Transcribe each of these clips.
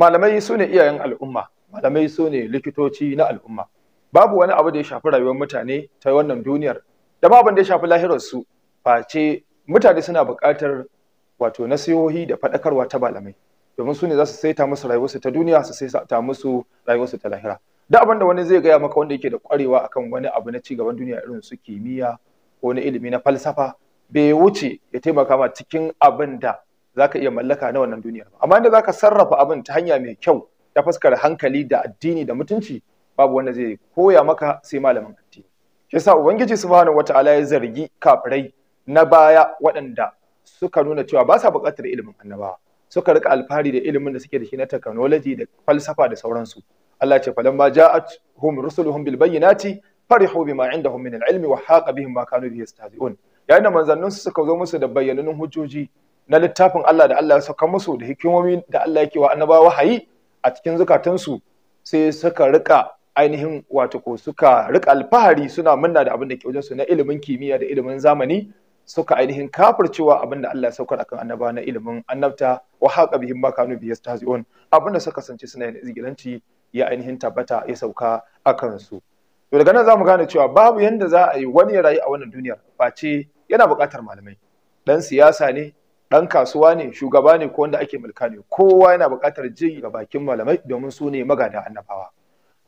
malamai su ne iyayen al'umma malamai su ne likitoci na al'umma babu wani abu da ya shafi rayuwar mutane ta wannan duniyar da ma abin da ya shafi lahirar su face mutane suna buƙatar wato nasihohi da faɗakarwa ta malamai domin su ne za su saita musu rayuwarsu ta duniya su sai saita musu rayuwarsu ta lahira da abin da wani zai gaya maka wanda yake da ƙwarewa akan wani abu na ci gaban duniya irin su kimiyya ko na ilimi na falsafa bai wuce ya taimaka ma cikin abin da Za ka iya mallaka na wannan duniyar amma inda ka sarrafa abin ta hanya mai kyau ta fuskar hankali da addini da mutunci babu wanda zai koya maka sai malamin addini shi yasa ubangiji subhanahu wataala ya zargi kafirai na baya waɗanda suka nuna cewa ba sa buƙatar ilimin annabawa suka rika alfahari da ilimin da suke da shi na technology da falsafa da sauransu Allah ce falamma ja'atuhum rusuluhum bil bayyinati farihu bima indahum min al-ilmi wa haqa bihim ma kanu bihi yastahzi'un yayin da manzannin su suka zo musu da bayyanannun hujjoji na littafin Allah da Allah ya saka musu da hikimomi da Allah yake wa annabawa wahayi a cikin zukatansu sai suka rika ainihin wato ko suka rika alfahari suna munna da abin da ke su na ilimin kimiyya da ilimin zamani suka ainihin kafircewa abin da Allah ya saukar akan annaba na ilimin annabta wa haqa bihim ma kanu bi yastahzi'un abin da suka sance suna yin zigilanci ya ainihin tabbata ya sauka akan su to daga nan zamu gane cewa babu yanda za a yi wani rayu a wannan duniyar face yana buƙatar malamai dan siyasa ne dan kasuwa ne shugaba ne ko wanda ake mulka ne kowa yana buƙatar ji ga bakin malamai domin su ne magada annabawa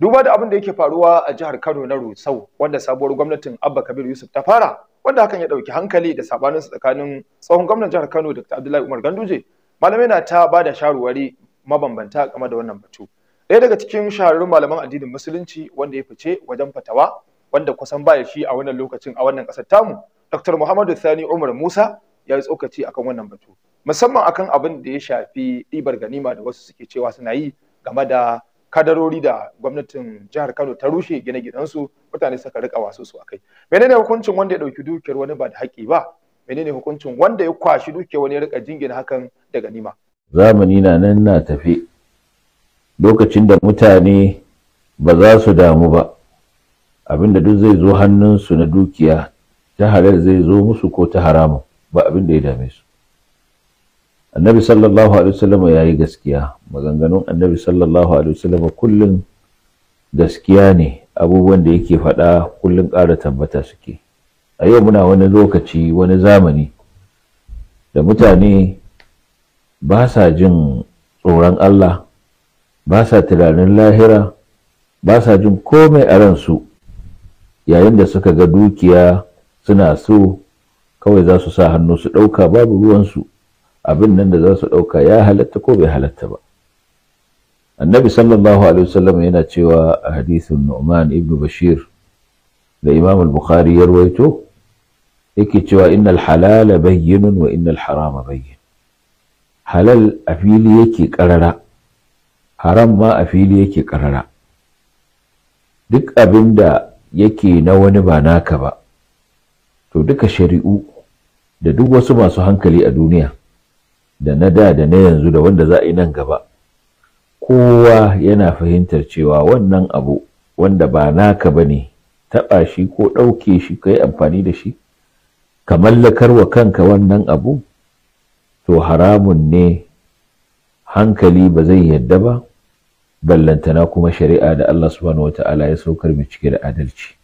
duba da abin da yake faruwa a jihar Kano na Rusau wanda sabuwar gwamnatin Abba Kabir Yusuf ta fara wanda hakan ya dauki hankali da sabanin tsakanin tsohon gwamnan jihar Kano Dr. Abdullahi Umar Ganduje malamai na ta ba da shawarwari mabambanta game da wannan batu ɗaya daga cikin shahararrun malaman addinin musulunci wanda ya fice wajen fatawa wanda kusan baya shi a wannan lokacin a wannan ƙasar tamu Dr. Muhammadu Sani Umar Musa ya yi tsokaci akan wannan batu musamman akan abin da ya shafi ɗibar ganima da wasu suke cewa suna yi game da kadarori da gwamnatin jihar Kano ta rushe gine-ginensu mutane suka rika wasu su akai menene hukuncin wanda ya dauki dukiyar wani ba da haƙi ba menene hukuncin wanda ya kwashi dukiyar wani ya rika jingina hakan da ganima zamani na nan na tafi lokacin da mutane ba za su damu ba abinda duk zai zo hannunsu na dukiya ta halal zai zo musu ko ta haramun ba abin da ya dame su annabi sallallahu alaihi wasallam ya yi gaskiya maganganun annabi sallallahu alaihi wasallam kullum gaskiya ne abubuwan da yake faɗa kullun ƙara tabbata suke a yau muna wani lokaci wani zamani da mutane ba sa jin tsoron Allah ba sa tunanin lahira ba sa jin komai a ransu yayin da suka ga dukiya suna so kawai za su sa hannu su ɗauka babu ruwansu abin nan da za su ɗauka ya halatta ko bai halatta ba annabi sallallahu alaihi wasallam yana cewa a hadisin nu'man ibn bashir da imam al-bukhari ya rawaito yake cewa innal halala bayyinun wa innal harama bayyin halal a fili yake karara haram ma a fili yake karara duk abin da yake na wani ba naka ba to duka shari'u da duk wasu masu hankali a duniya da na da da na yanzu da wanda za a yi nan gaba kowa yana fahimtar cewa wannan abu wanda ba naka ba ne taɓa shi ko ɗauke shi ka yi amfani da shi ka mallakar wa kanka wannan abu to haramun ne hankali ba zai yadda ba ballantana kuma shari'a da Allah subhanahu wata'ala ya saukar mai cike da adalci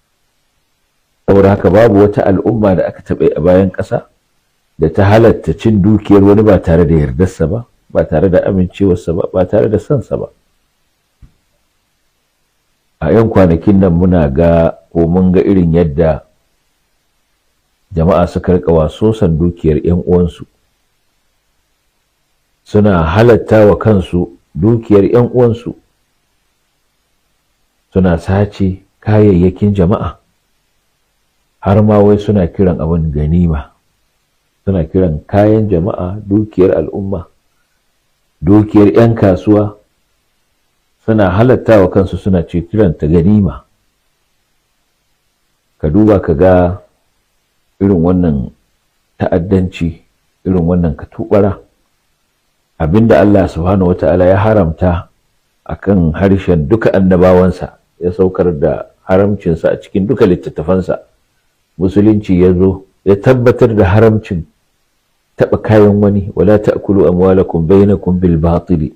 saboda haka babu wata al'umma da aka taɓa a bayan ƙasa da ta halatta cin dukiyar wani ba tare da yardarsa ba ba tare da amincewarsa ba ba tare da sansa ba a 'yan kwanakin nan muna ga ko mun ga irin yadda jama'a suka rika wasosan dukiyar 'yan uwansu suna halatta wa kansu dukiyar 'yan uwansu suna sace kayayyakin jama'a har ma wai suna kiran abin ganima suna kiran kayan jama'a dukiyar al'umma dukiyar 'yan kasuwa suna halatta wa kansu suna ce kiranta ganima ka duba ka ga irin wannan ta'addanci irin wannan katubara abinda Allah subhanahu wata'ala ya haramta akan harshen duka annabawansa ya saukar da haramcinsa a cikin duka littattafansa musulunci ya zo ya tabbatar da haramcin taɓa kayan wani wala ta'kulu amwalakum bainakum bil batil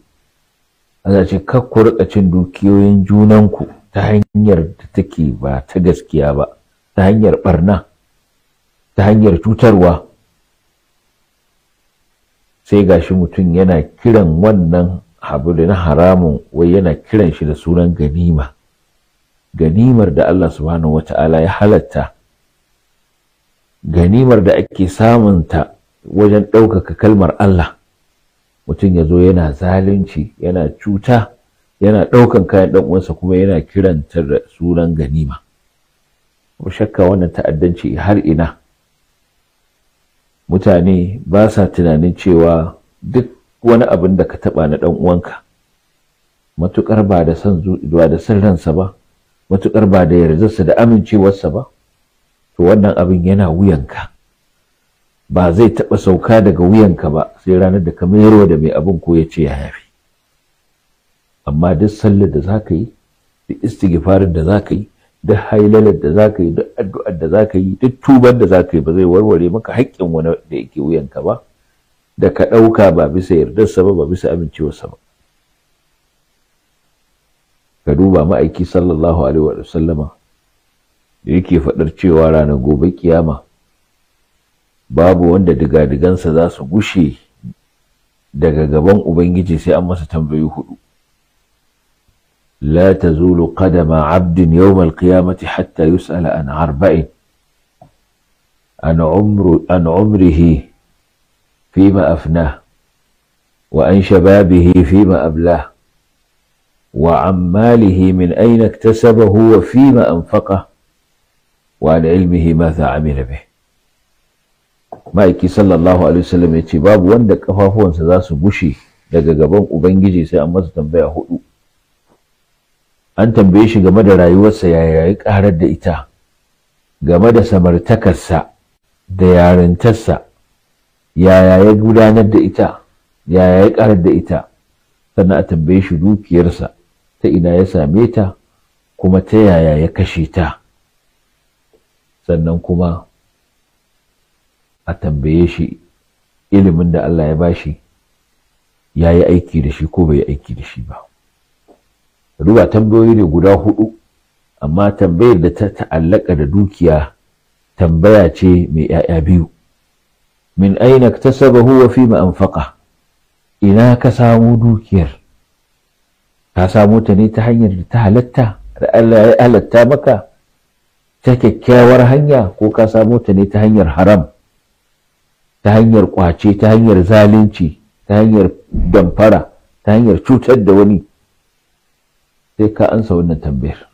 Allah ce kar ku rika cin dukiyoyin junanku ta hanyar da take ba ta gaskiya ba ta hanyar barna ta hanyar cutarwa sai gashi mutum yana kiran wannan abu da na haramun wai yana kiran shi da sunan ganima ganimar da Allah subhanahu wata'ala ya halatta ganimar da ake samunta wajen ɗaukaka kalmar Allah mutum ya zo yana zalunci yana cuta yana ɗaukan kayan ɗan uwansa kuma yana kiranta da sunan ganima ko shakka wannan ta'addanci har ina mutane ba sa tunanin cewa duk wani abin da ka taɓa na ɗan uwanka matuƙar ba da son zuwa da son ransa ba matuƙar ba da yardarsa da amincewarsa ba to wannan abin yana wuyanka ba zai taɓa sauka daga wuyanka ba sai ranar da ka mayarwa da mai abin ko ya ce ya yafi amma duk sallar da za ka yi duk istighfarin da za ka yi duk hailalar da za ka yi duk addu'ar da za ka yi duk tuban da za ka yi ba zai warware maka haƙƙin wani da yake wuyanka ba da ka ɗauka ba bisa yardarsa ba ba bisa amincewarsa ba ka duba ma'aiki sallallahu alaihi wa sallama da yake faɗar cewa ranar gobe kiyama babu wanda digadigansa za su gushe daga gaban ubangiji sai an masa tambayi hudu la tazulu qadama abdin yawmal qiyamati hatta yus'ala an arba'in an umru an umrihi fima afnah وأن شبابه فيما أبلاه وعن ماله من أين اكتسبه وفيما أنفقه وعن علمه ماذا عمل به ma'aiki sallallahu alaihi wasallam ya ce babu wanda kafafuwansa za su bushe daga gaban ubangiji sai an masa tambaya hudu an tambaye shi game da rayuwarsa ya yi karar da ita game da samartakarsa da yarintarsa yaya ya gudanar da ita yaya ya karar da ita sannan a tambaye shi dukiyarsa ta ina ya same ta kuma ta yaya ya kashe ta sannan kuma a tambaye shi ilimin da Allah ya bashi ya yi aiki da shi ko bai yi aiki da shi ba ruba tambayoyi ne guda hudu amma tambayar da ta ta'allaka da dukiya tambaya ce mai 'ya'ya biyu min aina iktasabahu wa fima anfaqa ina ka samu dukiyar ka samu ta ne ta hanyar da ta halatta da Allah ya halatta maka ta kyakkyawar hanya ko ka samu ta ne ta hanyar haram ta hanyar kwace ta hanyar zalunci ta hanyar damfara ta hanyar cutar da wani sai ka ansa wannan tambayar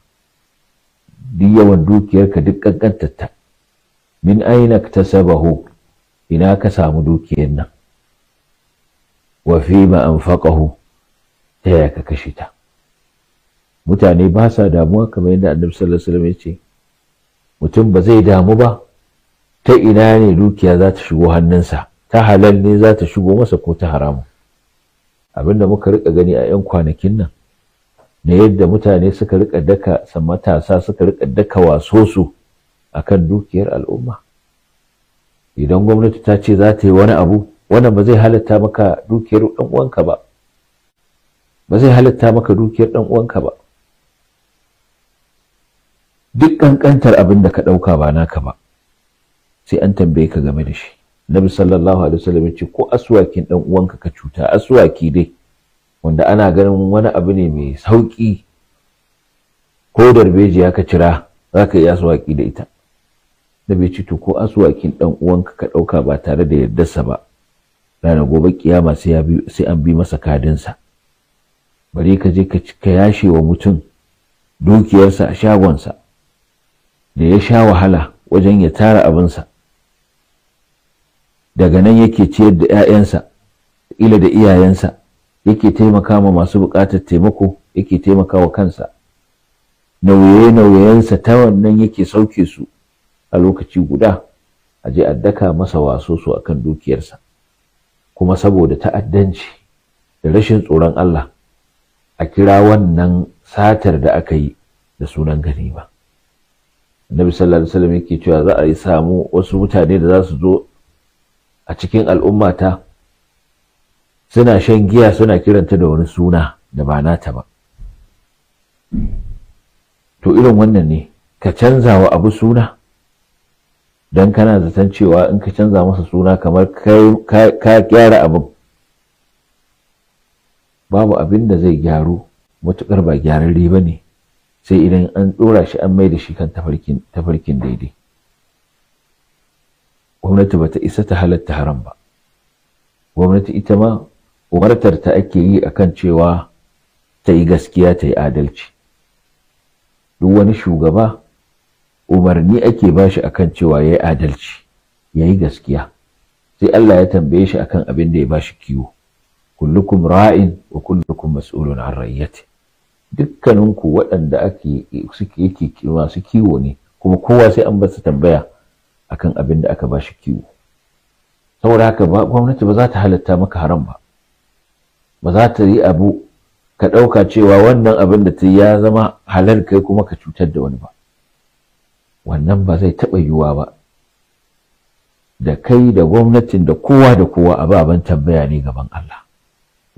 duk yawan dukiyarka duk ta. min aina ta sabahu ina ka samu dukiyar nan wa fi ma anfaqahu ta yaya ka kashe ta mutane ba sa damuwa kamar yadda annabi sallallahu alaihi wasallam ya ce mutum ba zai damu ba ta ina ne dukiya za ta shigo hannunsa ta halal ne za ta shigo masa ko ta haramun abinda muka rika gani a 'yan kwanakin nan na yadda mutane suka rika daka matasa suka rika daka waso su kan dukiyar al'umma idan gwamnati ta ce za ta yi wani abu wannan ba zai halatta maka dukiyar dan uwanka ba ba zai halatta maka dukiyar ba duk kankantar abin da ka ɗauka ba naka ba sai an tambaye ka game da shi nabi sallallahu alaihi wasallam ya ce ko aswakin dan uwanka ka cuta aswaki dai wanda ana ganin wani abu ne mai sauki ko darbejiya ka cira zaka yi aswaki da ita nabi ya ce to ko aswakin dan uwanka ka dauka ba tare da yardarsa ba ranar gobe kiyama sai ya bi sai an bi masa kadinsa Bari ka je ka yashe wa mutum dukiyarsa a shagonsa da ya sha wahala wajen ya tara abinsa daga nan yake ciyar da 'ya'yansa ila da iyayensa yake taimaka ma masu buƙatar taimako yake taimaka wa kansa nauye-nauyensa ta wannan yake sauke su a lokaci guda a je addaka masa waso su a kan dukiyarsa kuma saboda ta'addanci da rashin tsoron Allah a kira wannan satar da aka yi da sunan ba. Nabi sallallahu alaihi wasallam yake cewa za a yi samu wasu mutane da za su zo a cikin al'ummata suna shan giya suna kiranta da wani suna da ba nata ba to irin wannan ne ka canza wa abu suna don kana zaton cewa in ka canza masa suna kamar ka gyara abin babu abin da zai gyaru matuƙar ba gyararri ba ne sai idan an ɗora shi an mai da shi kan tafarkin daidai gwamnati ba ta isa ta halatta haram ba gwamnati ita ma umartar ta ake yi kan cewa ta yi gaskiya ta yi adalci duk wani shugaba umarni ake bashi akan cewa ya yi adalci ya yi gaskiya sai Allah ya tambaye shi akan abin da ya shi kiwo kullukum ra'in wa kullukum mas'ulun an rayyati dukkaninku waɗanda ake suke yake masu kiwo ne kuma kowa sai an ba su tambaya akan abin da aka ba shi kiwo saboda haka ba gwamnati ba za ta halatta maka haram ba ba za ta yi abu ka dauka cewa wannan abin da ta ya zama halal kai kuma ka cutar da wani ba wannan ba zai taba yuwa ba da kai da gwamnatin da kowa da kowa ababen tambaya ne gaban Allah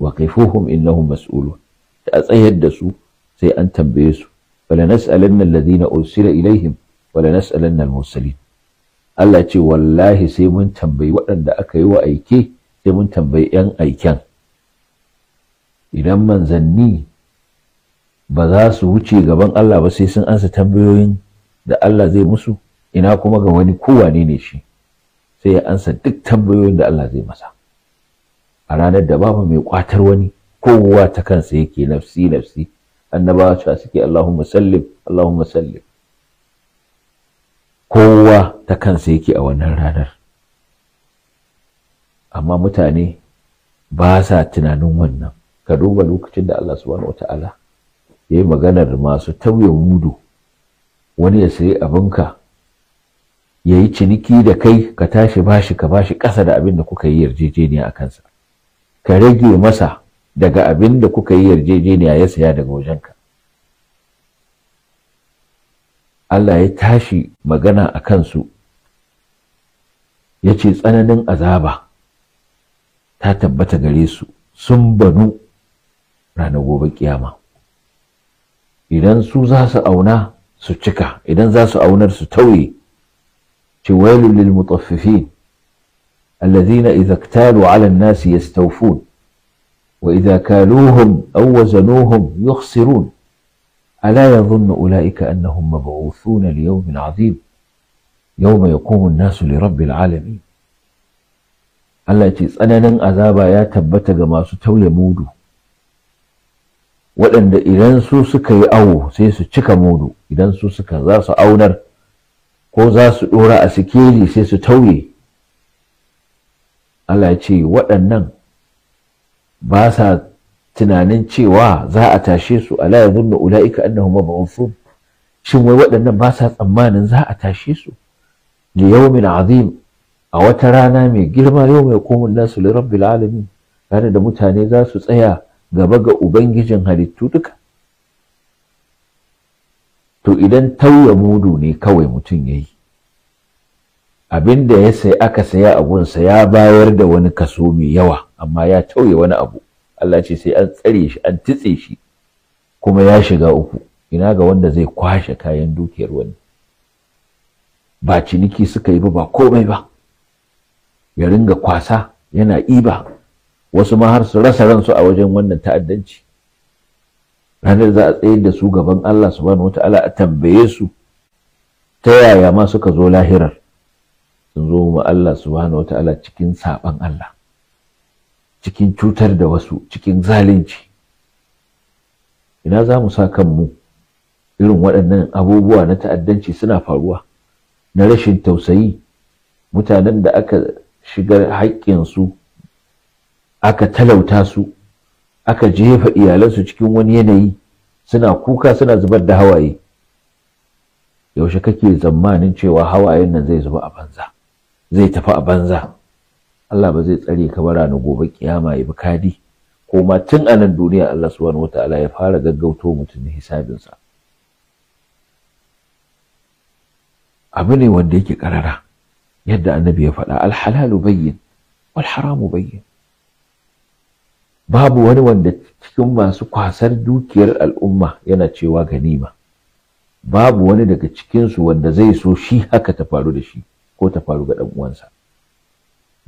wa kaifuhum innahum mas'ulun da tsayar da su sai an tambaye su wala nas'alanna alladhina ursila ilaihim wala nas'alanna al Allah ce wallahi sai mun tambayi waɗanda aka yi wa aike sai mun tambayi 'yan aiken idan manzanni ba za su wuce gaban Allah ba sai sun ansa tambayoyin da Allah zai musu ina kuma ga wani kowane ne shi sai ya ansa duk tambayoyin da Allah zai masa a ranar da babu mai kwatar wani kowa ta kansa yake nafsi nafsi annabawa cewa suke Allahumma sallim Allahumma sallim kowa ta kansa yake a wannan ranar amma mutane ba sa tunanin wannan ka duba lokacin da Allah subhanahu Ta'ala ya yi maganar masu tauye mudu wani ya sayi abinka ya yi ciniki da kai ka tashi bashi ka bashi ƙasa da abin da kuka yi yarjejeniya a kansa ka rage masa daga abin da kuka yi yarjejeniya ya saya daga wajenka Allah ya tashi magana a kansu yace tsananin azaba ta tabbata gare su sun banu ranar gobe kiyama idan su za su auna su cika idan za su aunar su tauye ci wailul lil mutaffifin الذين إذا اكتالوا على الناس يستوفون وإذا كالوهم أو وزنوهم يخسرون ألا يظن أولئك أنهم مبعوثون ليوم عظيم يوم يقوم الناس لرب العالمين Allah ce tsananin azaba ya tabbata ga masu tauye mudu waɗanda idan su suka yi awo sai su cika mudu idan su suka za su aunar ko za su ɗora a sikeli sai su tauye Allah ce waɗannan ba sa tunanin cewa za a tashe su ala yadhunnu ulaika annahu mab'uthun shin wai waɗannan ba sa tsammanin za a tashe su li yawmin azim a wata rana mai girma yau mai komun nasu li rabbil alamin da mutane za su tsaya gaba ga ubangijin halittu duka to idan tauya mudu ne kawai mutum ya yi abin da ya sai aka saya abunsa ya bayar da wani kaso mai yawa amma ya tauye wani abu Allah ce sai an tsare shi an titse shi kuma ya shiga uku ina ga wanda zai kwashe kayan dukiyar wani ba ciniki suka yi ba ba komai ba ya ringa kwasa yana iba wasu ma har su rasa ransu a wajen wannan ta'addanci ranar za a tsayar da su gaban Allah subhanahu wata'ala a tambaye su ta yaya ma suka zo lahirar sun zo mu Allah subhanahu wata'ala cikin saban Allah cikin cutar da wasu cikin zalunci ina za mu sa kanmu irin waɗannan abubuwa na ta'addanci suna faruwa na rashin tausayi mutanen da aka shigar haƙƙinsu aka talauta su aka jefa iyalansu cikin wani yanayi suna kuka suna zubar da hawaye yaushe kake tsammanin cewa hawayen nan zai zuba a banza zai tafi a banza Allah ba zai tsare ka bara na gobe kiyama ya bi kadi ko ma tun a nan duniya Allah subhanahu wataala ya fara gaggauto mutum hisabinsa abu ne wanda yake karara yadda annabi ya faɗa alhalalu bayyin wal haramu bayyin babu wani wanda cikin masu kwasar dukiyar al'umma yana cewa ganima babu wani daga cikinsu wanda zai so shi haka ta faru da shi ko ta faru ga ɗan uwansa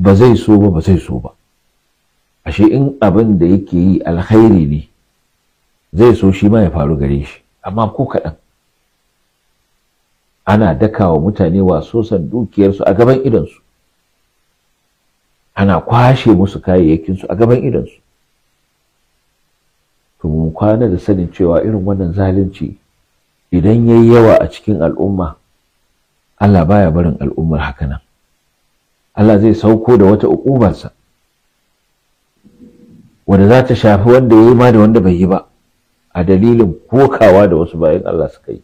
ba zai so ba ba zai so ba ashe in abin da yake yi alkhairi ne zai so shi ma ya faru gare shi amma ko kaɗan ana daka wa mutane wasosan dukiyarsu a gaban idonsu ana kwashe musu kayayyakinsu a gaban idonsu to mun kwana da sanin cewa irin wannan zalunci idan ya yi yawa a cikin al'umma Allah baya barin al'ummar haka nan. Allah zai sauko da wata uƙubarsa wanda za ta shafi wanda ya yi ma da wanda bai yi ba a dalilin kokawa da wasu bayan Allah suka yi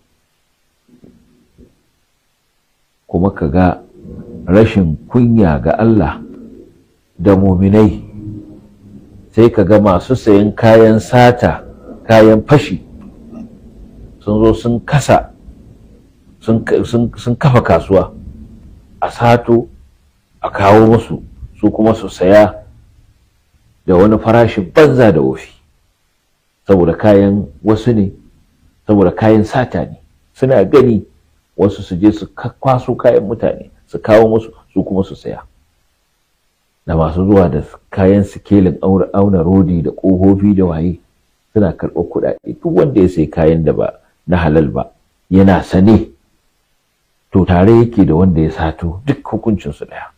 kuma ka ga rashin kunya ga Allah da muminai sai ka ga masu sayan kayan sata kayan fashi sun zo sun kasa sun kafa kasuwa a sato a kawo musu su kuma su saya da wani farashin banza da wofi saboda kayan wasu ne saboda kayan sata ne suna gani wasu su je su kwaso kayan mutane su kawo musu su kuma su saya da masu zuwa da kayan sikelin auna rodi da ƙofofi da waye suna karɓar kuɗaɗe duk wanda ya sai kayan da ba na halal ba yana sane to tare yake da wanda ya sato duk hukuncinsu ɗaya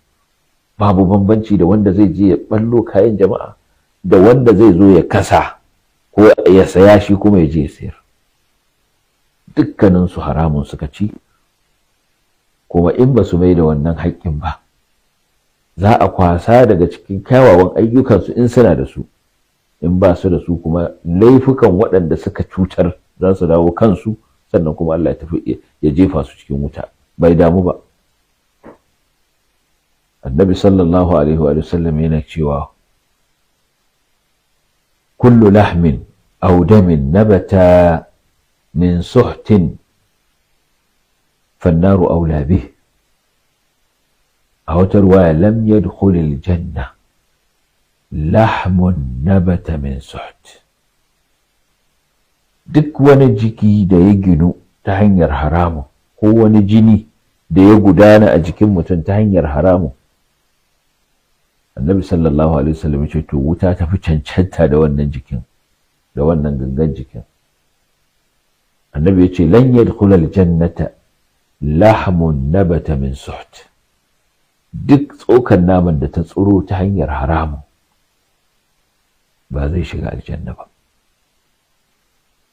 babu bambanci da wanda zai je ya ballo kayan jama'a da wanda zai zo ya kasa ko ya saya shi kuma ya je ya sayar dukkanin su haramun suka ci kuma in ba su mai da wannan haƙƙin ba za a kwasa daga cikin kyawawan ayyukansu in suna da su in ba su da su kuma laifukan waɗanda suka cutar za su dawo kansu sannan kuma Allah ya tafi ya jefa su cikin wuta bai damu ba النبي صلى الله عليه وآله وسلم ينكشوا كل لحم أو دم نبت من سحت فالنار أولى به أو ترواية لم يدخل الجنة لحم نبت من سحت دك ونجيكي دا يجنو تحنير حرامه هو نجيني دا يقدان أجيكي متن تحنير حرامه annabi sallallahu alaihi wasallam ce to wuta ta fi cancanta da wannan jikin da wannan gangan jikin annabi ya ce lan yadkhul aljannata lahmun nabata min suht duk tsokan naman da ta tsiro ta hanyar haramu ba zai shiga aljanna ba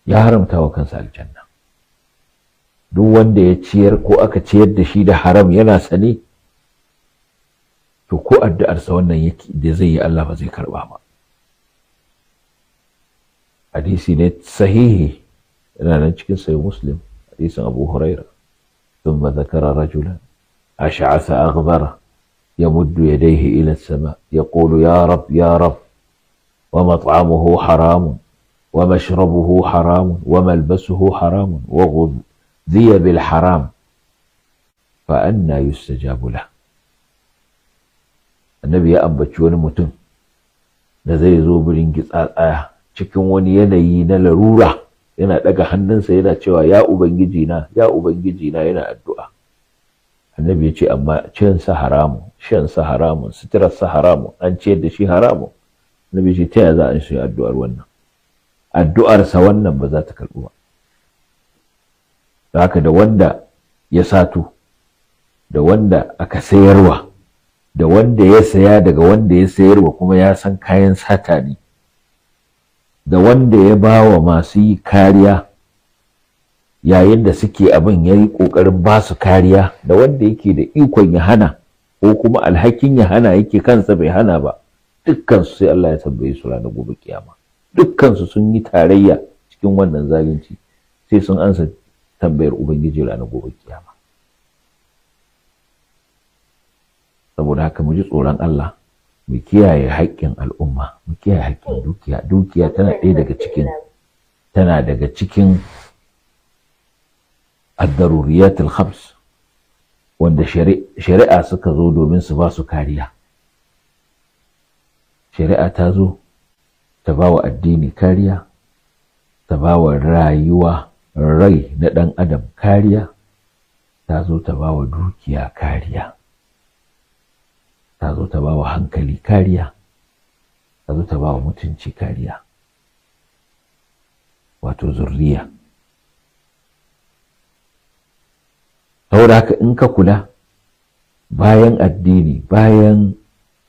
ya haramta wa kansa aljanna duk wanda ya ciyar ko aka ciyar da shi da haram yana sane to ko addu'ar sa wannan yake da zai yi Allah ba zai karba ba hadisi ne sahihi yana nan cikin sahih muslim hadisin abu huraira ثم ذكر رجلا أشعث aghbara يمد يديه إلى السماء يقول يا رب يا رب ومطعمه حرام ومشربه حرام وملبسه حرام وغذي بالحرام فأنا يستجاب له annabi ya ambaci wani mutum da zai zo birin tsaya cikin wani yanayi na larura yana daga hannunsa yana cewa ya ubangiji na ya ubangiji na yana addu'a annabi ya ce amma cin sa haramu, shan sa haramu, suturar sa haramu, an ce da shi haramu annabi ce ta za a shi addu'ar wannan addu'ar sa wannan ba za ta karbu ba haka da wanda ya sato da wanda aka sayarwa da wanda ya saya daga wanda ya sayarwa kuma ya san kayan sata ne da wanda ya ba wa masu yi kariya yayin da suke abin ya yi ƙoƙarin ba su kariya da wanda yake da ikon ya hana ko kuma alhakin ya hana yake kansa bai hana ba dukkansu sai Allah ya tambaye su ranar gobe kiyama dukkansu sun yi tarayya cikin wannan zalunci sai sun ansa tambayar ubangiji ranar gobe kiyama saboda haka mu ji tsoron Allah mu kiyaye haƙƙin al'umma mu kiyaye haƙƙin dukiya dukiya tana ɗaya daga cikin tana daga cikin ad-daruriyatul khams wanda shari'a suka zo domin su ba su kariya shari'a ta zo ta ba wa addini kariya ta ba wa rayuwa rai na ɗan adam kariya ta zo ta ba wa dukiya kariya ta zo ta ba wa hankali kariya ta zo ta ba wa mutunci kariya wato zurriya saboda in ka kula bayan addini bayan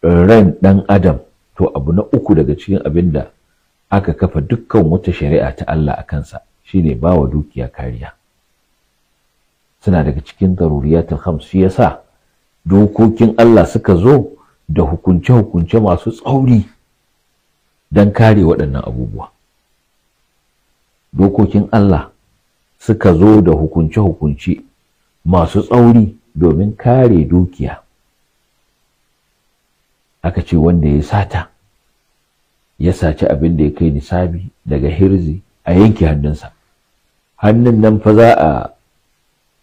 ran ɗan adam to abu na uku daga cikin abin da aka kafa dukkan wata shari'a ta Allah a kansa shine ba wa dukiya kariya suna daga cikin daruriyatul khams shi yasa dokokin Allah suka zo da hukunce-hukunce masu tsauri don kare waɗannan abubuwa dokokin Allah suka zo da hukunce-hukunce masu tsauri domin kare dukiya aka ce wanda ya sata ya saci abin da ya kai nisabi daga hirzi a yanke hannunsa hannun nan fa za a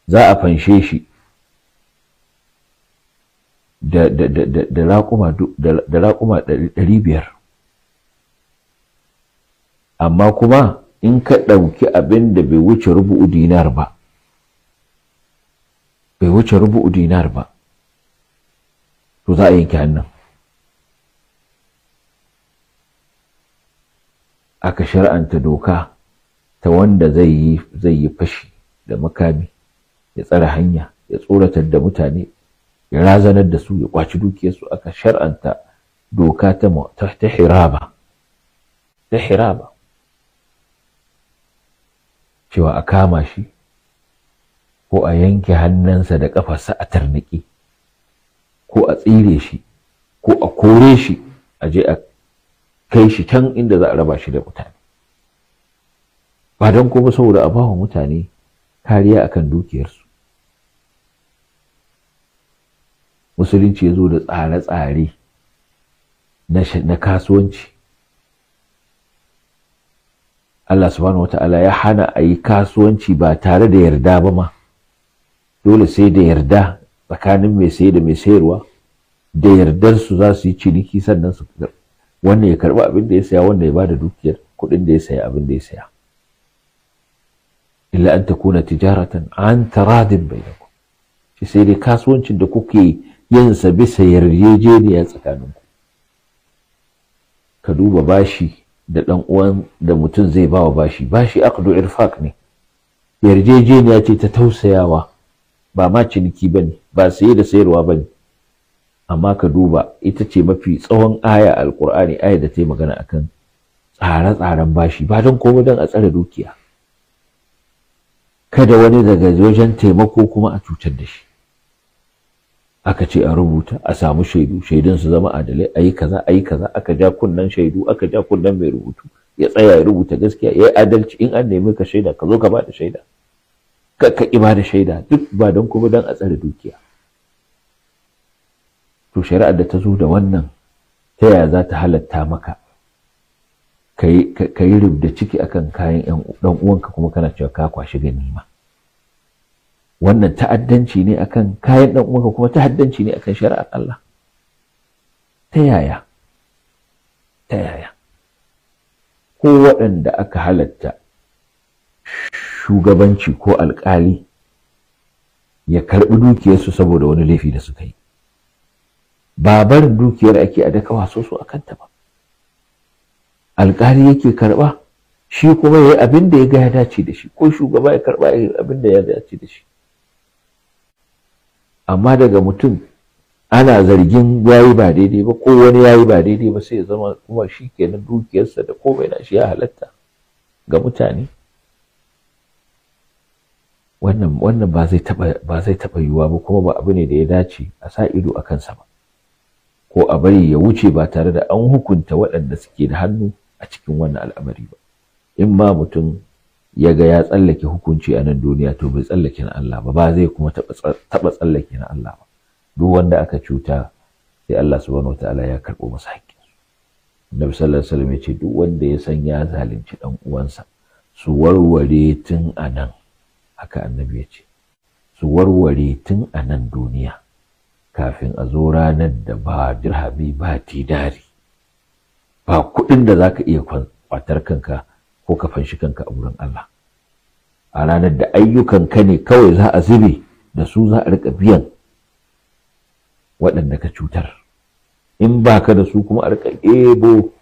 za a fanshe shi da ɗari biyar amma kuma in ka ɗauki abin da bai wuce rubu'u dinar ba bai wuce rubu'u dinar ba to za a yanke hannun aka shar'anta doka ta wanda zai yi fashi da makami ya tsara hanya ya tsoratar da mutane ya razanar da su ya kwaci dukiyarsu aka shar'anta doka ta hiraba ta hiraba cewa a kama shi ko a yanke hannunsa da ƙafarsa a tarniki ko a tsire shi ko a kore shi a je a kai shi can inda za a raba shi da mutane ba don kuma saboda a bawa mutane kariya akan dukiyarsu musulunci ya zo da tsare-tsare na kasuwanci Allah subhanahu wa ta'ala ya hana a yi kasuwanci ba tare da yarda ba ma dole sai da yarda tsakanin mai saye da mai sayarwa da yardar su za su yi ciniki sannan su wannan ya karba abin da ya saya wanda ya ba da dukiyar kuɗin da ya saya abin da ya saya illa an takuna tijaratan an taradin bainakum shi sai dai kasuwancin da kuke yin sa bisa yarjejeniya tsakanin ku ka duba bashi da ɗan uwan da mutum zai bawa bashi bashi aqdu irfaq ne yarjejeniya ce ta tausayawa ba ma ciniki bane ba saye da sayarwa bane amma ka duba ita ce mafi tsawon aya alqur'ani aya da ta yi magana akan tsare-tsaren bashi ba don komai don a tsare dukiya kada wani daga wajen taimako kuma a cutar da shi aka ce a rubuta a samu shaidu shaidun su zama adalai ayi kaza ayi kaza aka ja kunnan shaidu aka ja kunnan mai rubutu ya tsaya ya rubuta gaskiya yayi adalci in an nemi ka shaida ka zo ka bada shaida ka ka ki bada shaida duk ba don kuma don a tsare dukiya to shari'ar da ta zo da wannan ta ya za ta halatta maka ka yi rubda ciki akan kayan ɗan uwanka kuma kana cewa ka kwashi ganima. wannan ta'addanci ne akan kayan dan uwanka kuma ta'addanci ne akan shari'ar Allah ta yaya ta yaya ko waɗanda aka halatta shugabanci ko alƙali ya karɓi dukiyarsu saboda wani laifi da suka yi ba barin dukiyar ake a daka waso su a kanta ba alƙali yake karɓa shi kuma ya yi abin da ya ga ya dace da shi ko shugaba ya karɓa ya abin da ya dace da shi amma daga mutum ana zargin ya yi ba daidai ba ko wani ya yi ba daidai ba sai ya zama kuma shi kenan dukiyarsa da komai na shi ya halatta ga mutane wannan wannan ba zai taba ba zai taba yiwuwa ba kuma ba abu ne da ya dace a sa ido a kansa ba ko a bari ya wuce ba tare da an hukunta waɗanda suke da hannu a cikin wannan al'amari ba in ma mutum ya ga ya tsallake hukunci a nan duniya to bai tsallake na Allah ba ba zai kuma taɓa tsallake na Allah ba duk wanda aka cuta sai Allah subhanahu wataala ya karɓo masa haƙƙi Nabi sallallahu alaihi wasallam ya ce duk wanda ya san ya zalunci dan uwansa su warware tun a nan haka annabi ya ce su warware tun a nan duniya kafin a zo ranar da ba dirhami ba tidari ba kuɗin da zaka iya kwatar kanka ko ka fanshi kanka a wurin Allah a ranar da ayyukan ka ne kawai za a zube da su za a rika biyan waɗanda ka cutar in ba ka da su kuma a rika ebo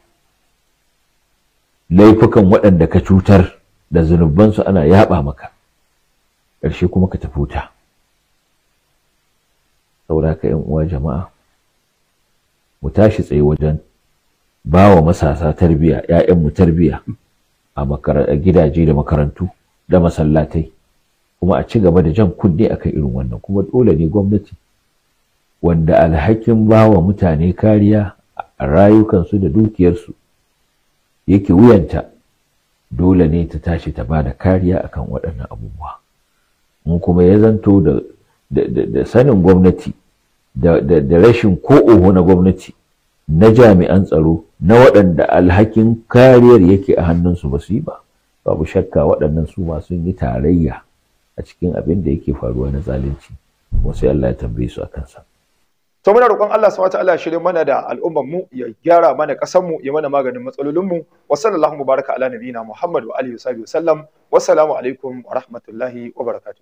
laifukan waɗanda ka cutar da zunubansu ana yaɓa maka ƙarshe kuma ka tafi wuta sauraka ka uwa jama'a mu tashi tsaye wajen ba wa masasa tarbiya 'ya'yanmu tarbiya a gidaje da makarantu da masallatai kuma a ci gaba da jan kunne akan irin wannan kuma dole ne gwamnati wanda alhakin bawa mutane kariya a rayukansu da dukiyarsu yake wuyanta dole ne ta tashi ta bada kariya akan waɗannan abubuwa mun kuma ya zanto da sanin gwamnati da rashin ko'o na gwamnati na jami'an tsaro na waɗanda alhakin kariyar yake a hannunsu ba su yi ba babu shakka waɗannan su ma sun yi tarayya a cikin abin da yake faruwa na zalunci kuma sai Allah ya tambaye su a kansa. to muna roƙon Allah subhanahu wataala shirin mana da al'ummar mu ya gyara mana ƙasar mu ya mana maganin matsalolin mu wa sallallahu mubaraka ala nabiyina Muhammad wa alihi wa sallam wassalamu alaikum wa rahmatullahi wa barakatuh